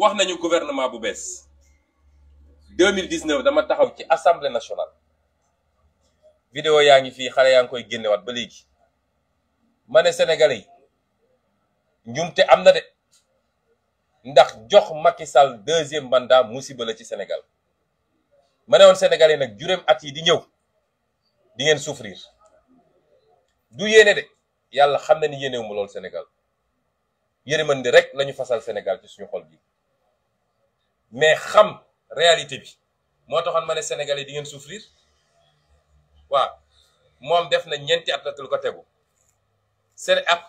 wax nañu gouvernement bu bees 2019 dama taxaw ci assemblée national vidéo yaa ngi fii xale yaa ngi koy génnewaat ba léegi ma ne sénégalais yi njumte am na de ndax jox Macky Sall deuxième mandat musiba la ci Sénégal ma ne woon sénégalais nag juróom at yi di ñëw di ngeen souffrir du yéene de yàlla xam na ni yéenewu ma lool Sénégal yërmande rek lañu fasal Sénégal ci suñu xol bi mais xam réalité bi mo taxone mané sénégalais di ngeen souffrir wa mom def na ñenti at ko tegu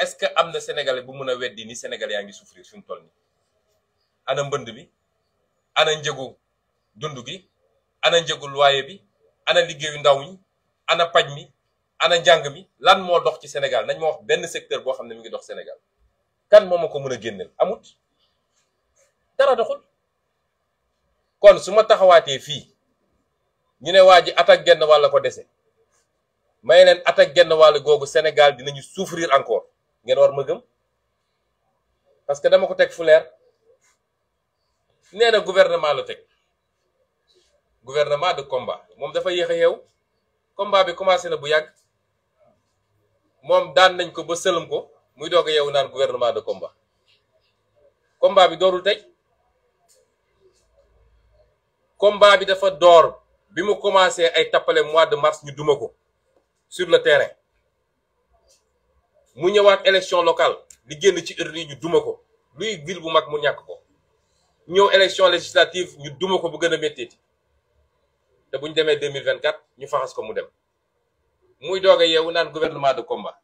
est-ce que am sénégalais bu mëna wéddi ni sénégal yaa ngi souffrir fi mu toll nii ana mbënd bi ana njëgu dundu gi ana njëgu loyer bi ana liggéeyu ndaw ñi ana paj mi ana jang mi lan mo dox ci Sénégal nañ mo wax ben secteur bo xamné mi ngi dox Sénégal. kan moom ma ko mën a génneel amut dara doxul kon su ma taxawaatee fii ñu ne waa ji attaque genn wàll ko dese may leen attaque genn wàll googu Sénégal dinañu souffrir encore ngeen war ma gëm parce que dama ko teg fu leer nee na gouvernement la teg gouvernement de combat moom dafa yéex a yeew combat bi commencé na bu yàgg moom daan nañ ko ba sëlëm ko muy doog a yeewu naan gouvernement de combat combat bi doorul tey combat bi dafa door bi mu commencé ay tappale mois de mars ñu duma ko sur le terrain mu ñëwaat élection locale li génn ci urne yi ñu duma ko luy ville bu mag mu ñàkk ko ñëw élection législative ñu duma ko bu gën a métteeti te bu ñu demee 2024 ñu faxas ko mu dem muy doog a yeewu naan gouvernement de combat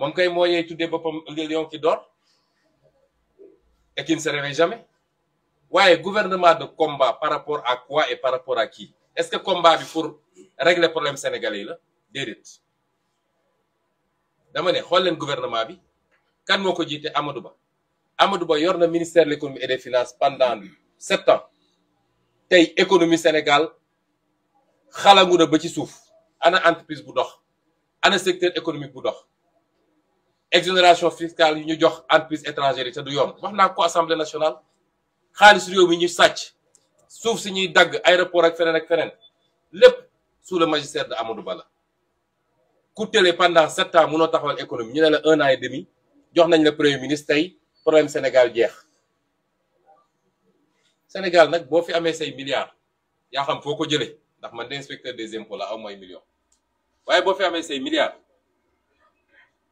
Il kay moo des bopam des lions qui dort et qui ne se réveille jamais Ouais, gouvernement de combat par rapport à quoi et par rapport à qui est-ce que combat pour régler problème sénégalais là déedéet dama ne gouvernement bi kan moko jité Amadou Ba Amadou Ba yorna ministère de l'économie et des finances pendant sept ans Tay économie Sénégal petit na ba ci a ana entreprise bu dox ana secteur économique bu dox exonération fiscale ñu jox entreprise étrangère ci du yoon wax na ko assemblée nationale xaalis réew mi ñu sàcc suuf si ñuy dagg aéroport ak feneen ak feneen lépp sous le magistère de Amadou Bala. ku pendant sept ans mënoo taxawal économie ñu ne la un an et demi jox nañ le premier ministre tey problème Sénégal jeex Sénégal nag boo fi amee say milliards yaa xam foo ko jëlee ndax man d'inspecteur des impôts la aw un million waaye boo fi amee say milliards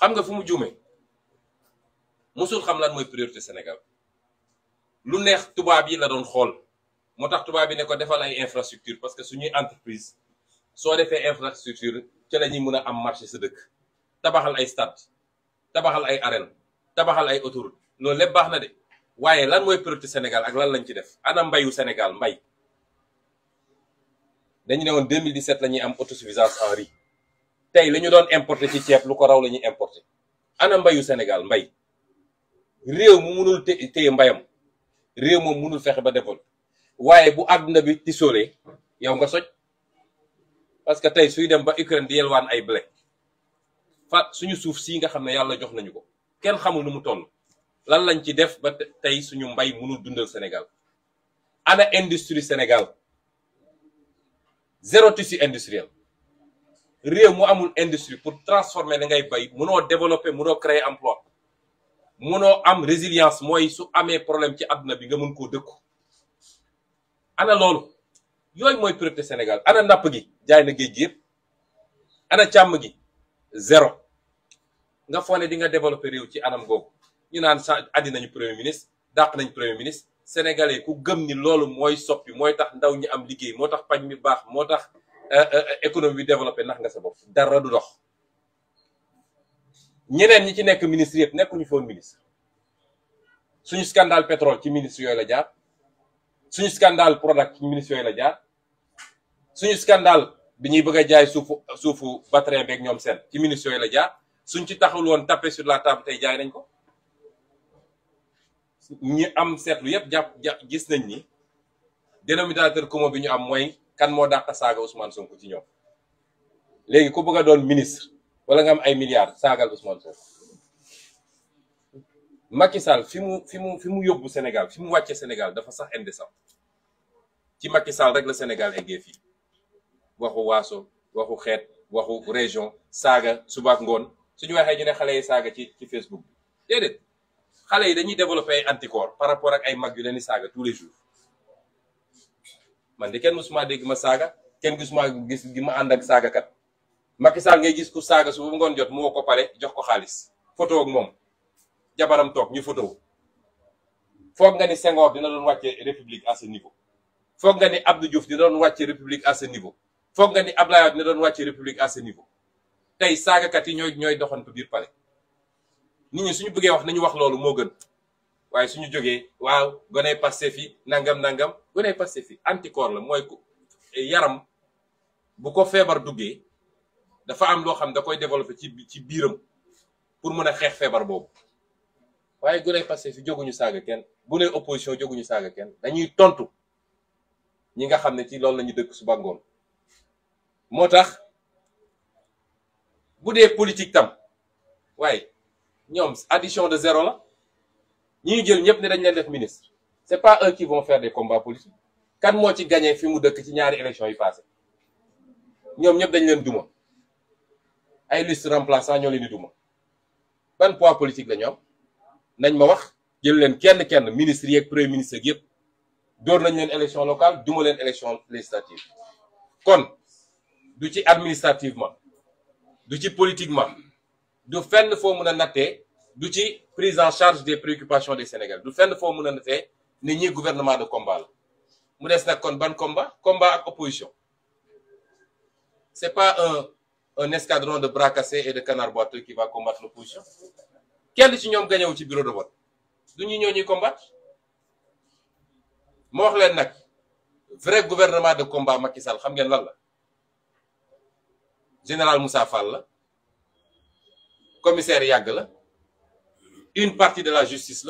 xam nga fu mu juume musul xam lan mooy priorité Sénégal lu neex tubaab yi la doon xool moo tax tubaab yi ne ko defal ay infrastructure parce que suñuy entreprise soo defee infrastructure ci la ñuy mën a am marché sa dëkk tabaxal ay stade tabaxal ay arène tabaxal ay autoroute loolu lépp baax na de waaye lan mooy priorité Sénégal ak lan lañ ci def ana mbayu Sénégal mbay dañu ne woon 2017 la ñuy am autosuffisance en riz Tay liñu doon importer ci ceeb lu ko raw lañu importer ana mbayu Sénégal mbay réew mu munul téye mbayam réew moom mënul fexé ba développé waaye bu aduna bi ci sóole yow nga soj parce que tay suy dem ba Ukraine di yelwaan ay blé fa suñu souf si nga xamné yalla jox nañu ko kenn xamul nu mu toll lan lañ ci def ba tay suñu mbay mënul dundal Sénégal ana industrie Sénégal zéro tissu industriel réew mu amul industrie pour transformer da ngay bay mënoo développer mënoo créer emploi mënoo am résilience mooy su amé problème ci àdduna bi nga mën koo dëkku ana loolu yoy moy priorité Sénégal ana nap gi jaay na géej ana cham gi zéro nga foné di nga développer réew ci anam gog ñu naan Adi nañu premier ministre dàq nañ premier ministre sénégalais ku gëm ni loolu moy soppi moy tax ndaw ñi am liggéey motax tax pañ mi bax motax Euh, euh, euh, économie bi développé nax nga sa bopp dara du dox ñeneen ñi ci nekk ministre yëpp nekkuñu foon ministre suñu scandale pétrole ci ministre yooyu la jaar suñu scandale Prodac ci ministre yooyu jaar suñu scandale bi ñuy bëgg a jaay suufu suufu Batrin beeg ñoom seen ci ministre yooyu la jaar suñ ci taxul woon tapé sur la table tey jaay nañ ko ñi am seetlu yëpp jàpp gis nañ ni der commun bi ñu am mooy kan moo dàq saaga Ousmane Sonko ci ñoom léegi ku bëgg a doon ministre wala nga am ay milliards saagal Ousmane Sonko Macky Sall fi mu fi mu fi mu yóbbu Sénégal fi mu wàcce Sénégal dafa sax indécent ci Macky Sall rek la Sénégal eggee fi waxu waaso waxu xeet waxu région saaga suba ak ngoon suñu waxee ñu ne xale yi saaga ci ci Facebook bi déedéet xale yi dañuy développé ay anticorps par rapport ak ay mag yu leen di saaga tous les jours. man de ken musuma deg ma saga ken gisuma gis gi ma saga kat saagakat Macky Sall ngay gis ku saga su ngon jot ko pare jox ko xaalis photo ak mom jabaram tok ñu photo fokk nga ni Senghor dina doon wacce république à ce niveau fokk nga ni Abdou Diouf dina doon wacce république à ce niveau fokk nga ni ablaye dina doon wacce république à ce niveau saga kat ñoy ñoy doxon ko bir pare nit ñi suñu bëggee wax nañu wax lolu mo gën waye suñu joggé waw gone passé fi nangam nangam bu ne Pastef yi anticorps la mooy yaram bu ko feebar duggee dafa am loo xam da koy développé ci ci biiram pour mën a xeex feebar boobu waaye guney Pastef fi jóguñu saaga kenn bu ne opposition jóguñu saaga kenn dañuy tontu ñi nga xam ne ci loolu lañu dëkk su bàngoon moo tax bu dee politique tam waaye ñoom addition de zéro la ñi ñu jël ñëpp ne dañ def ministre c'est pas eux qui vont faire des combats politiques kan moo ci gagné fi film ou ci ñaari élection yi passé ñoom tous dañ leen duma ay liste remplaçant ñoo tous les duma Quel poids politique la ñu am nañ ma wax jël leen kenn kenn ministre et premier ministre ministres dóor nañ leen élection locale duma leen élection législative kon du ci administrativement du ci politiquement du fenn foo mën a nattee du prise en charge des préoccupations des Sénégalais du fenn foo mën a ni le gouvernement de combat nous ne un pas kon combat combat ak Ce c'est pas un escadron de bras cassés et de canards boiteux qui va combattre l'opposition Quel ci gagné gagné au bureau de vote Nous ñu ñoo ñuy combattre moo vrai gouvernement de combat Macky Sall xam ngeen général Moussa Fall commissaire Yagla, une partie de la justice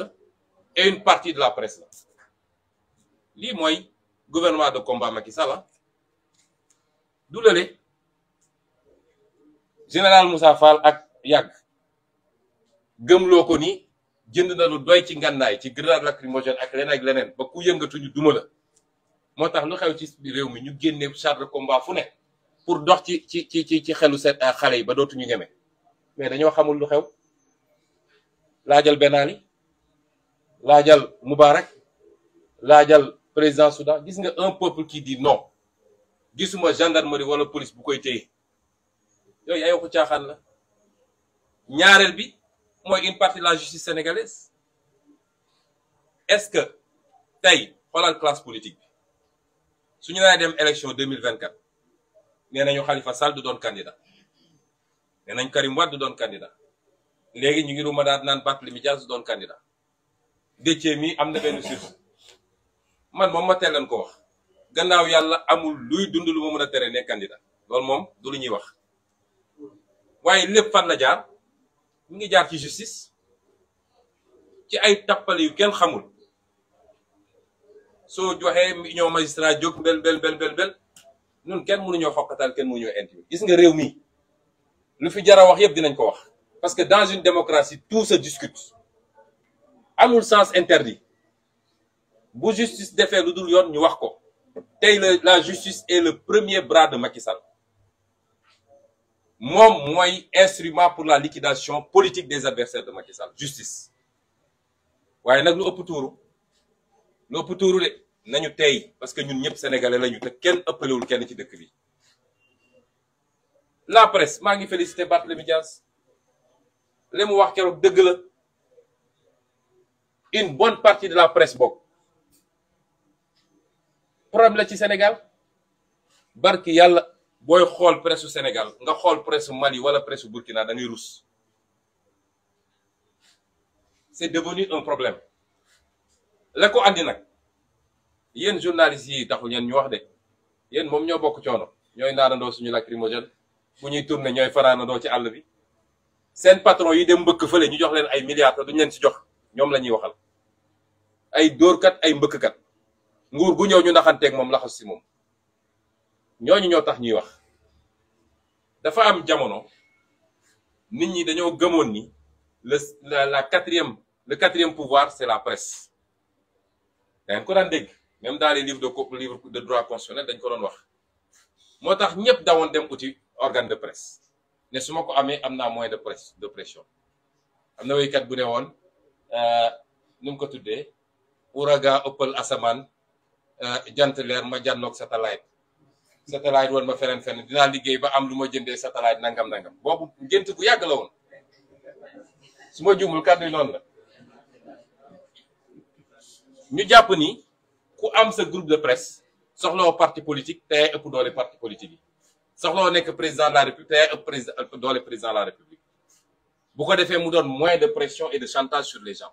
et une partie de la presse lii mooy gouvernement de combat Macky Sall ah. du lële général Moussa Fall ak yàgg gëmloo ko ni jënd na lu doy ci ngànnaay ci grenade lacrymogène ak leneen ak leneen ba ku yëngatuñu duma la moo tax nu xew ci réew mi ñu génne char de combat fu ne pour dox ci ci ci ci xelu seen ah, xale yi ba dootuñu ñeme mais dañoo xamul lu xew laajal Ben Ali laajal Moubarak laajal président Soudan dis nga un peuple qui dit non gisuma gendarmerie wala police bu koy téye yooyu ay waxu de la ñaareel bi moy une partie de la justice sénégalaise est-ce que tay xolal classe politique bi Suñu ñu dem élection 2024 nee nañu Khalifa Sall du doon candidat nee nañ Karim Wade du doon candidat Légui ñu ngi ruma daal naan Barthélémy Dias du doon candidat Déthié mi Amna na benn man pas ma je ko wax gannaaw yalla amul luy dund lu suis candidat. je ne candidat ne sais du lu wax waye lepp fan la jaar pas ngi jaar ci justice ci ay tapal yu kenn xamul magistrat Je bel bel bel bel bel ñun kenn ñoo Je kenn ñoo intime gis nga réew mi lu fi jara wax pas dinañ ko wax parce que dans une démocratie tout se discute amul sens interdit bu justice defee lu dul yoon ñu wax ko tey la justice est le premier bras de Macky Sall mom moy instrument pour la liquidation politique des adversaires de Macky Sall justice waye nak lu ëpp touru lu ëpp tuuru de nañu tey parce que ñun ñëpp sénégalais lañu te kenn ëppalewul kenn ci dëkk bi la presse ma ngi féliciter Barthélémy Dias li mu wax dëgg la une bonne partie de la presse bokk problème la ci Sénégal barki yalla boy xol presse Sénégal nga xol presse Mali wala presse Burkina da ngay rus c'est devenu un problème la ko andi nag yéen journalistes yi taxul ñeen ñu wax de yéen mom ñoo bokk coono ñoy naarandoo suñu lacrymogène bu ñuy tourner ñoy faranando ci all bi sen patron yi dem mbeuk fële ñu jox leen ay milliards te duñ leen ci jox ñom lañuy waxal ay dor kat ay mbeuk kat nguur gu ñëw ñu naxanteeg moom laxas si moom ñooñu ñoo tax ñuy wax dafa am jamono nit ñi dañoo gëmoon ni le la la quatrième le quatrième pouvoir c'est la presse dañ ko daan dégg même dans les livres de livre de droit constitutionnel dañ ko doon wax moo tax ñëpp dawoon dem uti organe de presse ne su ma ko amee am naa moins de presse de pression am na waykat bu ne woon euh, nu mu ko tuddee ouragan ëppal asamaan Euh, jant leer ma un satellite satellite woon ma feneen dinaa liggéey ba am lu ma satellite nangam nangam ñu groupe de presse parti politique parti politique président de la république te président de la république bu ko mu de pression et de chantage sur les gens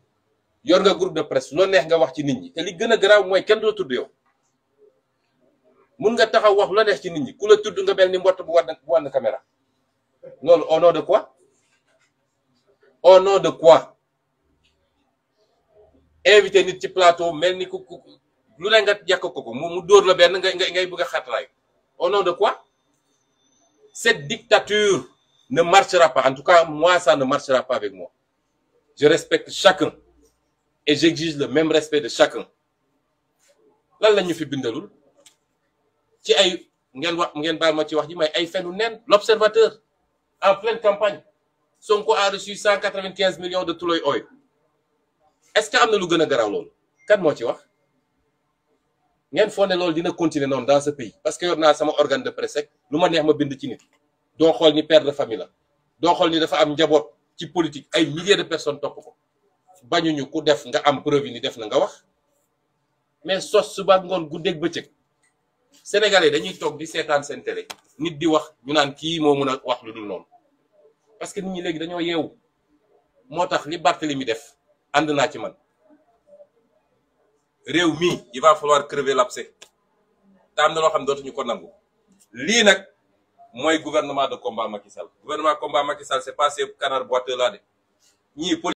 a groupe de presse lo neex nga wax ci nit ñi te li gëna a kenn yow nga taxaw caméra au nom de quoi au nom de quoi invité nit ci plateau melni ku lu ne nga ko ko mu door la nga bëgg a au nom de quoi cette dictature ne marchera pas en tout cas moi ça ne marchera pas avec moi je respecte chacun et j'exige le même respect de chacun lan lañ ñu fi bindalul ci ay ngeen wax ngeen baal ma ci wax ji may ay fenu nen, l'observateur en pleine campagne Sonko a reçu 195 millions de tuloy ooyu est-ce que am na lu gën a garaaw loolu kan mo ci wax ngeen foo ne dina continuer non dans ce pays parce que yor naa sama organe de presse rek lu ma neex ma bind ci nit doo xool ni père de famille la doo xool ni dafa am djabot, ci politique ay milliers de personnes topp ko ñu ku def nga am preuve ni def na nga wax mais sos suba ngon guddé bëccëg sénégalais dañuy tok di sétane sen télé nit di wax ñu naan ki mo mëna wax lu dul non parce que nit ñi légui dañoo yew motax tax li Barthélemy def and na ci man rew mi il va falloir crever l'abcès tam na lo xam ñu ko nangu li nak moy gouvernement de combat Macky Sall gouvernement combat Macky Sall c'est pas ces canards boiteux là